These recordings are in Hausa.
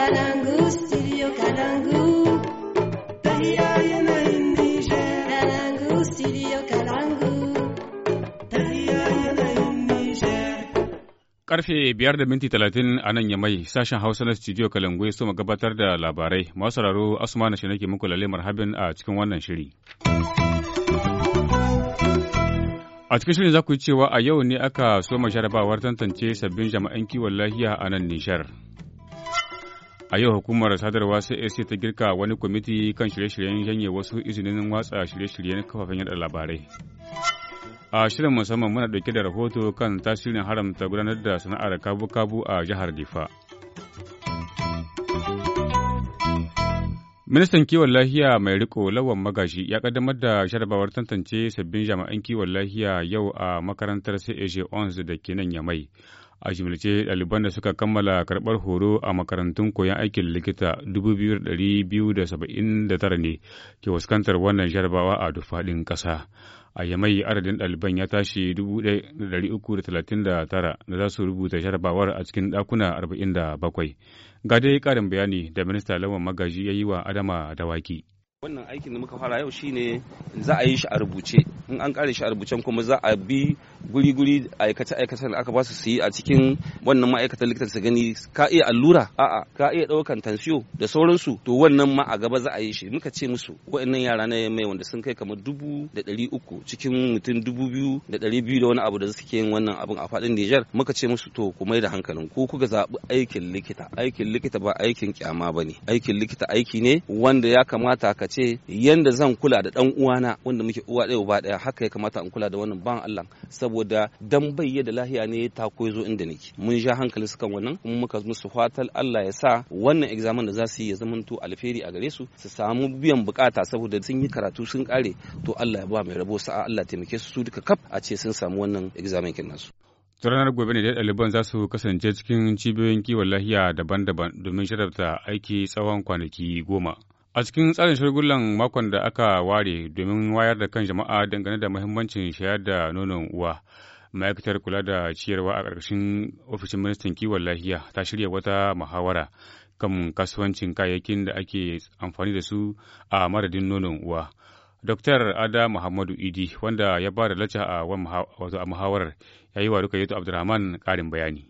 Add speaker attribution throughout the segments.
Speaker 1: Kalangu, studio
Speaker 2: Karfe biyar da minti talatin a nan yamai sashen Hausa na studio Kalangu ya ma gabatar da labarai. Masu sauraro Asuma na shi nake muku lalle marhabin a cikin wannan shiri. A cikin shirin za ku yi cewa a yau ne aka soma jarabawar tantance sabbin jama'an kiwon lafiya a nan Nishar. A yau hukumar sadarwa CAC ta girka wani kwamiti kan shirye-shiryen janye wasu izinin watsa shirye-shiryen kafafen yada labarai. A shirin musamman muna dauke da rahoto kan tasirin haramta gudanar da sana'ar kabu-kabu a jihar Difa. Ministan kiwon lahiya mai riko lawan magashi ya kaddamar da sharabawar tantance sabbin jami'an kiwon lahiya yau a makarantar CAG ONS da ke nan Yamai. a jimlace ɗaliban da suka kammala karɓar horo a makarantun koyon aikin likita 2,279 ne ke fuskantar wannan jarabawa a duk faɗin ƙasa a yamai adadin ɗaliban ya tashi 1,339 da za su rubuta jarabawar a cikin ɗakuna 47 ga dai ƙarin bayani da minista lawan magaji ya yi wa adama dawaki.
Speaker 3: wannan aikin da muka fara yau shine za a yi shi a rubuce in an kare
Speaker 2: shi a rubucen kuma za
Speaker 3: a bi guri-guri aikace aikacen da aka ba su yi a cikin wannan ma'aikatan likita su gani ka iya allura a'a ka iya daukan tansiyo da sauransu to wannan ma a gaba za a yi shi muka ce musu wa'annan yara na mai wanda sun kai kamar dubu da ɗari uku cikin mutum dubu biyu da ɗari biyu da wani abu da suke yin wannan abun a faɗin Nijar muka ce musu to ku mai da hankalin ku kuka zaɓi aikin likita aikin likita ba aikin kyama ba ne aikin likita aiki ne wanda ya kamata ka ce yanda zan kula da dan uwana wanda muke uwa ɗaya uba ɗaya haka ya kamata in kula da wannan ban Allah saboda dan bayye da lahiya ne ta ko zo inda nake mun ja hankali su kan wannan kuma muka musu fatal Allah ya sa wannan examen da za su yi ya zamanto alferi a gare su su samu biyan bukata saboda sun yi karatu sun kare to Allah ya ba mai rabo sa'a Allah taimake su su duka kaf a ce sun samu wannan examen kin nasu
Speaker 2: ranar gobe ne da ɗaliban za su kasance cikin cibiyoyin kiwon lahiya daban-daban domin sharafta aiki tsawon kwanaki goma. A cikin tsarin shirgullan makon da aka ware domin wayar da kan jama'a dangane da mahimmancin shayar da nonon uwa, ma'aikatar kula da ciyarwa a ƙarƙashin ofishin ministan kiwon lafiya ta shirya wata muhawara kan kasuwancin kayayyakin da ake amfani da su a madadin nonon uwa. Dr. Ada Muhammadu Idi, wanda ya ba da lacca a muhawarar, ya yi wa yato Abdulrahman ƙarin bayani.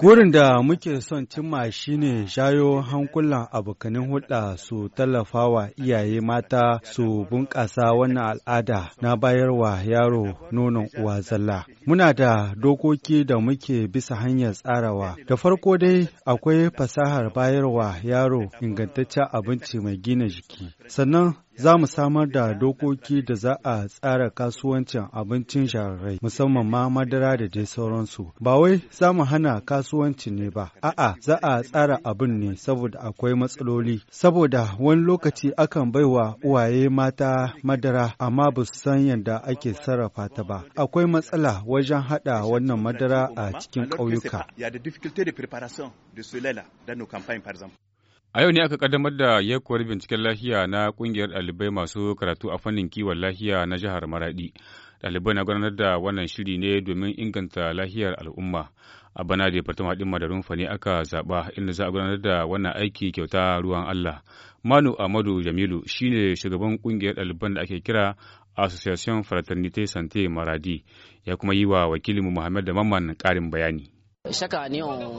Speaker 1: Gurin da muke son cimma ne shayo hankulan abokanin hulɗa su tallafa wa iyaye mata su bunƙasa wannan al'ada na bayarwa yaro nonon uwa zalla. Muna da dokoki da muke bisa hanyar tsarawa. Da farko dai akwai fasahar bayarwa yaro ingantaccen abinci mai gina jiki. Sannan za mu samar da dokoki da za a tsara kasuwancin abincin shararrai musamman ma madara da dai sauransu ba wai za mu hana kasuwanci ne ba a'a za a tsara abin ne saboda akwai matsaloli saboda wani lokaci akan baiwa uwaye mata madara amma ba su san yadda ake sarrafa ta ba akwai matsala wajen haɗa wannan madara a cikin ƙauyuka.
Speaker 2: A yau ne aka kaddamar da yakuwar binciken lafiya na ƙungiyar ɗalibai masu karatu a fannin kiwon lafiya na jihar Maraɗi. Ɗalibai na gudanar da wannan shiri ne domin inganta lafiyar al'umma. A bana da fatan haɗin madarun fa ne aka zaɓa inda za a gudanar da wannan aiki kyauta ruwan Allah. Manu Amadu Jamilu shine shugaban ƙungiyar ɗaliban da ake kira Association Fraternité Santé Maradi ya kuma yi wa wakilinmu Muhammad da Mamman ƙarin bayani.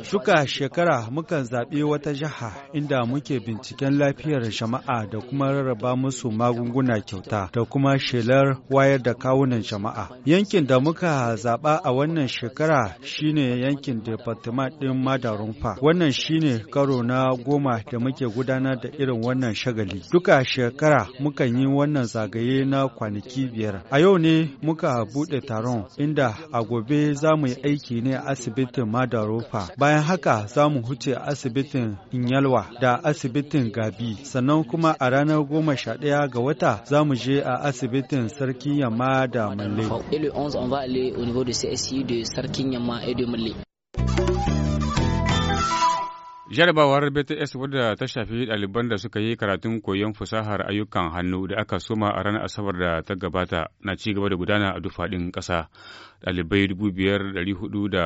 Speaker 1: Shuka shekara mukan zaɓi wata jiha inda muke binciken lafiyar jama'a da kuma rarraba musu magunguna kyauta da kuma shelar wayar da kawunan jama'a. Yankin da muka zaɓa a wannan shekara shine yankin Departement ɗin Madarunfa. Wannan shine karo na goma da muke gudanar da irin wannan shagali. Duka shekara mukan yi wannan zagaye na kwanaki biyar. A yau ne muka buɗe taron inda a gobe za mu yi aiki ne a asibitin madarofa bayan haka za mu huce asibitin inyalwa da asibitin gabi sannan kuma a ranar goma sha ɗaya ga wata za mu je a asibitin sarkin yamma
Speaker 3: da malle
Speaker 2: Jarabawar BTS wadda ta shafi ɗaliban da suka yi karatun koyon fasahar ayyukan hannu da aka soma a ranar Asabar da ta gabata na ci gaba da gudana a dari ƙasa. Ɗalibai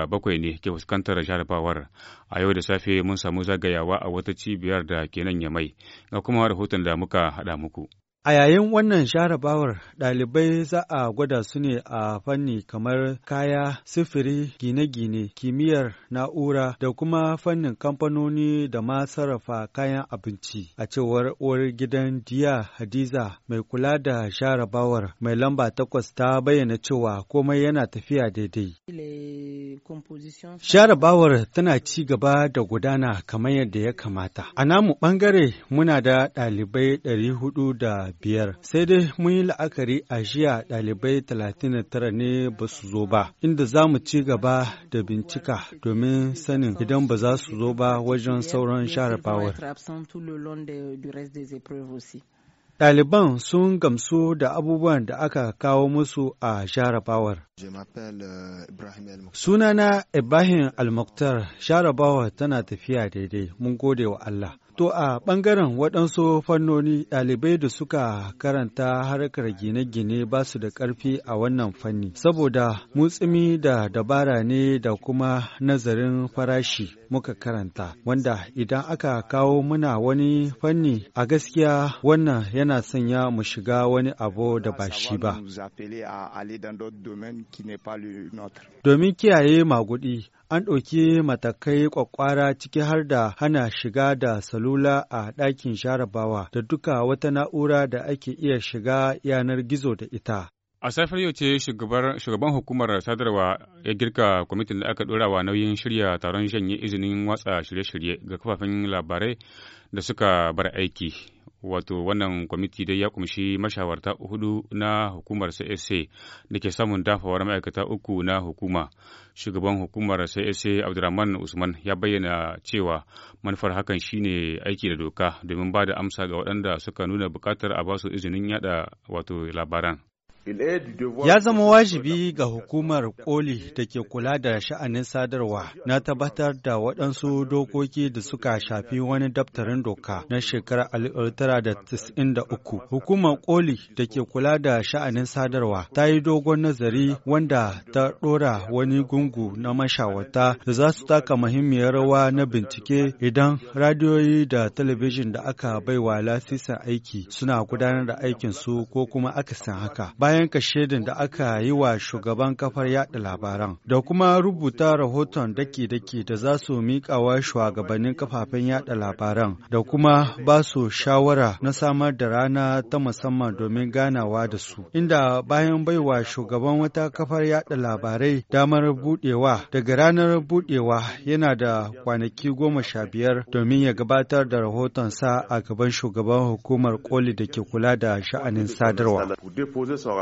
Speaker 2: bakwai ne ke fuskantar jarabawar. A yau da safe mun samu zagayawa a wata cibiyar da ke nan mai ga kuma rahoton da muka haɗa muku.
Speaker 1: A yayin wannan jarabawar ɗalibai za a gwada su ne a fanni kamar kaya, sifiri, gine-gine, kimiyyar na'ura da kuma fannin kamfanoni da ma sarrafa kayan abinci. A cewar uwar gidan Diya Hadiza mai kula da jarabawar mai lamba takwas ta bayyana cewa komai yana tafiya daidai. Jarabawar tana ci gaba da gudana kamar yadda ya kamata. A namu ɓangare muna da ɗalibai ɗari hudu da biyar. Sai dai mun yi la'akari a jiya ɗalibai talatin tara ne ba su zo ba, inda za mu ci gaba da bincika domin sanin idan ba za su zo ba wajen sauran sharafawar. Ɗaliban sun gamsu da abubuwan da aka kawo musu a sharafawar.
Speaker 3: Euh,
Speaker 1: Sunana Ibrahim Almuktar, sharafawar tana tafiya daidai, mun gode wa Allah. To a ɓangaren waɗansu fannoni ɗalibai da suka karanta harkar gine-gine ba su da ƙarfi a wannan fanni, saboda mutsumi da dabara ne da kuma nazarin farashi muka karanta, wanda idan aka kawo muna wani fanni a gaskiya wannan yana sanya mu shiga wani abu da ba shi ba. Domin kiyaye maguɗi an ɗauki matakai kwakwara ciki har da hana shiga da salula a ɗakin sharabawa da duka wata na'ura da ake iya shiga yanar gizo da ita.
Speaker 2: A safiyar yau ce shugaban hukumar sadarwa ya girka kwamitin da aka ɗora wa nauyin shirya taron shanye izinin watsa shirye-shirye ga kafafen labarai da suka bar aiki. wato wannan kwamiti dai ya kumshi mashawarta hudu na hukumar CSA da ke samun dafawar ma'aikata uku na hukuma. Shugaban hukumar CSA Abdulrahman Usman ya bayyana cewa manufar hakan shine aiki da doka domin ba da amsa ga waɗanda suka nuna buƙatar a basu izinin yada wato labaran.
Speaker 1: Ya zama wajibi ga hukumar koli da ke kula da sha'anin sadarwa na tabbatar da waɗansu dokoki da suka shafi wani daftarin doka na shekarar 1993. Hukumar koli da ke kula da sha'anin sadarwa ta yi dogon nazari wanda ta ɗora wani gungu na mashawarta da za su taka muhimmiyar rawa na bincike idan radiyoyi da talabijin da aka baiwa lasisin aiki suna gudanar da aikinsu ko kuma akasin haka. bayan kashedin da aka yi wa shugaban kafar yada labaran da kuma rubuta rahoton daki-daki da za su miƙawa shugabannin kafafen yada labaran da kuma ba su shawara na samar da rana ta musamman domin ganawa da su inda bayan baiwa shugaban wata kafar yada labarai damar budewa daga ranar budewa yana da kwanaki goma sha biyar domin ya gabatar da rahotonsa a gaban shugaban hukumar koli da ke kula da sha'anin sadarwa.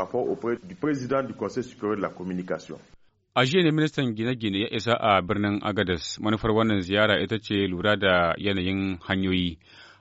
Speaker 2: rapport auprès du président du Conseil supérieur de la communication. A jiya ne ministan gine-gine ya isa a birnin Agadez manufar wannan ziyara ita ce lura da yanayin hanyoyi.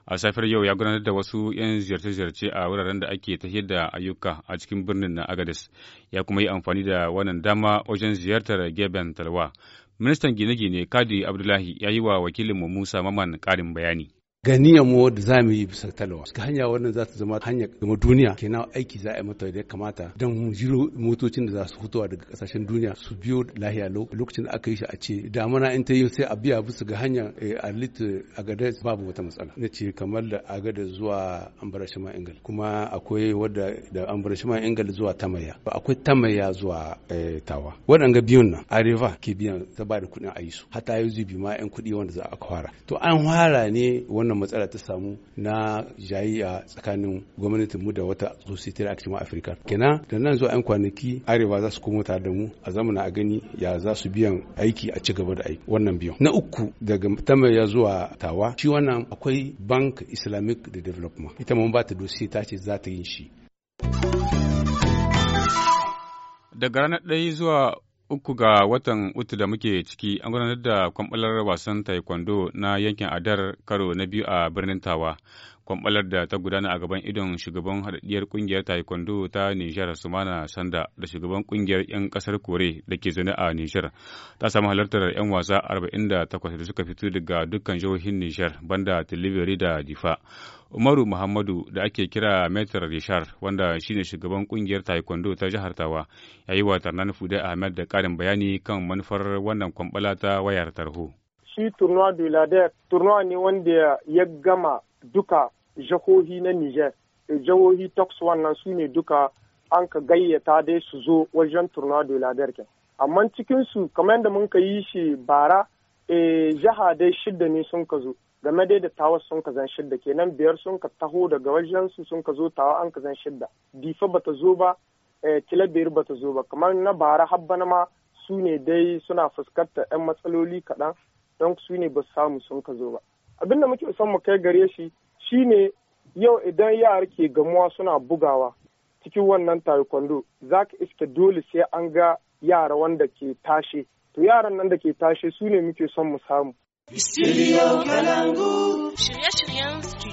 Speaker 2: A safiyar yau ya gudanar da wasu 'yan ziyarce-ziyarce a wuraren da ake tafiyar da ayyuka a cikin birnin na Agadez. ya kuma yi amfani da wannan dama wajen ziyartar Geben Talwa. Ministan gine-gine Kadi Abdullahi ya yi wa wakilinmu Musa Maman karin bayani.
Speaker 4: ganiyar mu da za mu yi bisa talawa ga hanya wannan za ta zama hanya game duniya kenan aiki za a yi mata da kamata don jiro motocin da za su fitowa daga kasashen duniya su biyo lahiya lokacin da aka yi shi a ce damana in ta yi sai a biya bisa ga hanya eh, a litin agada babu wata matsala na ce kamar da agada zuwa ambarashima ingal kuma akwai wadda da ambarashima ingal zuwa tamaya ba akwai tamaya zuwa eh, tawa waɗanga biyun nan areva ke biyan ta ba da kuɗin a yi su hata yanzu bi ma 'yan kuɗi wanda za a kwara to an fara ne wani. wannan matsala ta samu na jayi a tsakanin gwamnatinmu da wata society action africa kenan da nan zuwa yan kwanaki arewa za su komo tare da mu a zamana a gani ya za su biyan aiki a ci gaba da aiki wannan biyan na uku daga ya zuwa tawa shi wannan akwai bank islamic de development ita mun ba ta dosi ta ce za ta yin shi
Speaker 2: daga ranar ɗaya zuwa uku ga watan uku da muke ciki an gudanar da kwamɓalar wasan taekwondo na yankin adar karo na biyu a birnin tawa kwamɓalar da ta gudana a gaban idon shugaban haɗaɗɗiyar ƙungiyar taekwondo ta nijar sumana sanda da shugaban ƙungiyar 'yan ƙasar kore da ke zaune a nijar ta samu halartar 'yan wasa arba'in da takwas da suka fito daga dukkan jihohin nijar banda tilibiri da difa Umaru Muhammadu da ake kira Metar Rishar wanda shine shugaban kungiyar Taekwondo ta jihar Tawa ya yi wa Tarnan Fude Ahmed da karin bayani kan manufar wannan kwambala ta wayar tarho.
Speaker 1: Shi turnuwa Dulader turnuwa ne wanda ya gama duka jahohi na Niger. Jihohi Tox wannan su ne duka an ka gayyata dai su zo wajen turnuwa Dulader ke. Amma cikinsu kamar yadda mun ka yi shi bara eh, jiha dai shidda ne sun ka zo. game dai da tawa sun ka zan shidda kenan biyar sun ka taho daga wajen su sun ka zo tawa an ka zan shidda difa bata zo ba eh, ba bata zo ba kamar na bara habba na ma su ne dai suna fuskantar 'yan matsaloli kaɗan don su ne ba samu sun ka zo ba abin da muke son mu kai gare shi shine yau idan yara ke gamuwa suna bugawa cikin wannan taekwondo za ka iske dole sai an ga yara wanda ke tashe to yaran nan da ke tashe su ne muke son mu samu Studio
Speaker 3: Kalangu. Shirye-shiryen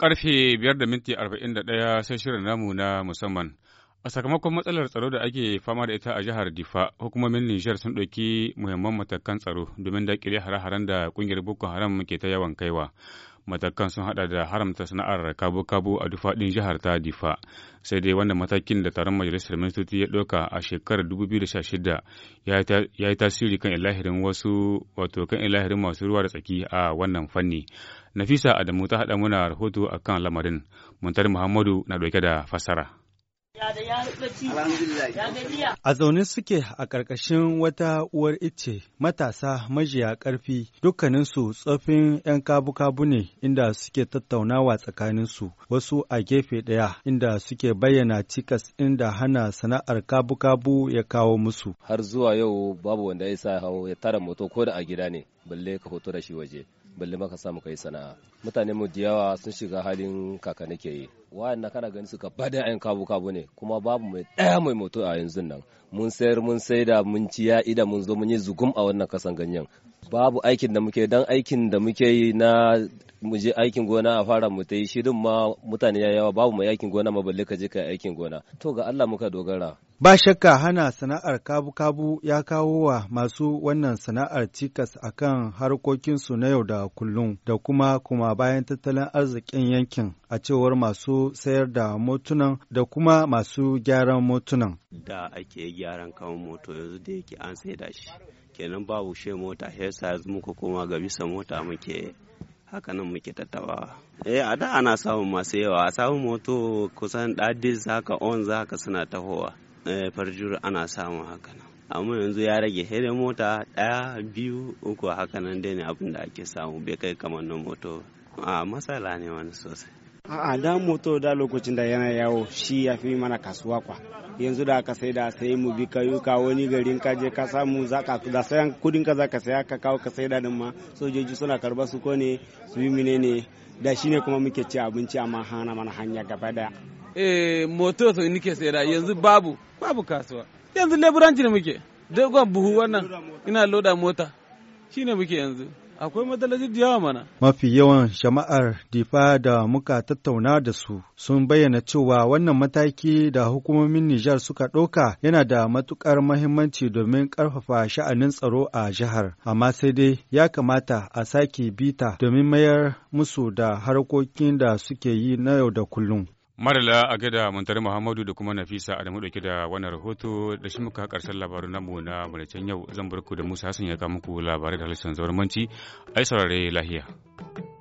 Speaker 2: Karfe biyar da minti arba'in da ɗaya sai shirin namu na musamman. A sakamakon matsalar tsaro da ake fama da ita a jihar Difa, hukumomin Nijar sun ɗauki muhimman matakan tsaro domin daƙile hare-haren da ƙungiyar Boko Haram ke ta yawan kaiwa. matakan sun hada da haramta sana'ar kabu-kabu a dufaɗin jihar ta difa sai dai wanda matakin da taron majalisar ministoci ya ɗauka a shekarar 2016 ya yi tasiri kan ilahirin wasu wato kan ilahirin masu ruwa da tsaki a wannan fanni nafisa adamu ta haɗa muna rahoto a kan lamarin muntar muhammadu na ɗauke da fassara A
Speaker 1: zaune suke a ƙarƙashin wata uwar ice matasa majiya ƙarfi dukkaninsu tsofin 'yan kabu-kabu ne inda suke tattaunawa tsakaninsu wasu a gefe ɗaya inda suke bayyana cikas inda hana sana'ar kabu-kabu ya kawo musu.
Speaker 3: Har zuwa yau babu wanda ya sa ya tara moto ko da a gida ne balle ka hoto da shi waje. balle maka samu kai sana'a mutane mu yawa sun shiga halin kaka nake yi wayan kana gani suka bada yan kabu kabu ne kuma babu mai daya mai moto a yanzu nan mun sayar mun saida mun ciya ya ida mun zo mun yi zugum a wannan kasan ganyen babu aikin da muke dan aikin da muke yi na muje aikin gona a fara mu ta yi shirin ma mutane ya yawa babu mai aikin gona ma balle ka je ka aikin gona to ga Allah muka dogara
Speaker 1: ba shakka hana sana'ar kabu-kabu ya kawo wa masu wannan sana'ar cikas akan harkokinsu na yau da kullum da kuma kuma bayan tattalin arzikin yankin a cewar masu sayar da motunan da kuma masu gyaran motunan
Speaker 3: da ake gyaran kawo moto yanzu da yake an sai da shi kenan ba bushe mota yanzu muka koma ga bisa mota muke hakanan muke tattawa eh a da ana samun masu yawa a samun moto kusan za ka on ka suna tahowa eh farjuru ana samun hakanan amma yanzu ya rage hede mota ɗaya biyu uku hakanan dai ne abin da ake samu bai kai kamar na moto a ah, matsala ne wani sosai
Speaker 1: A'a da moto da lokacin da yana yawo shi ya fi mana kasuwa kwa. Yanzu da
Speaker 3: aka sai da sai mu bi kayuka wani garin ka je ka samu za ka da sayan kudin ka za ka saya ka kawo ka sai da din ma sojoji suna karba su ko ne su yi mine ne da shine kuma muke ci
Speaker 4: abinci amma hana mana hanya gaba daya.
Speaker 3: Eh moto sai nike sai da yanzu babu babu kasuwa. Yanzu leburanci ne muke. Dogon buhu wannan ina loda mota shine muke yanzu. akwai madalaji da yawa mana.
Speaker 1: Mafi yawan jama'ar difa da muka tattauna da su sun bayyana cewa wannan mataki da hukumomin Nijar suka ɗauka yana da matuƙar mahimmanci domin ƙarfafa sha'anin tsaro a jihar, amma sai dai ya kamata a sake bita domin mayar musu da harkokin da suke yi na yau da kullum.
Speaker 2: marala a gada Muntari Muhammadu da kuma Nafisa Adamu dauke da wannan rahoto da shi muka karshen labarin namu na Mulaicen yau zan barku da Musa Hassan ya kawo muku labarai da halittar zaurmanci ai saurare lahiya.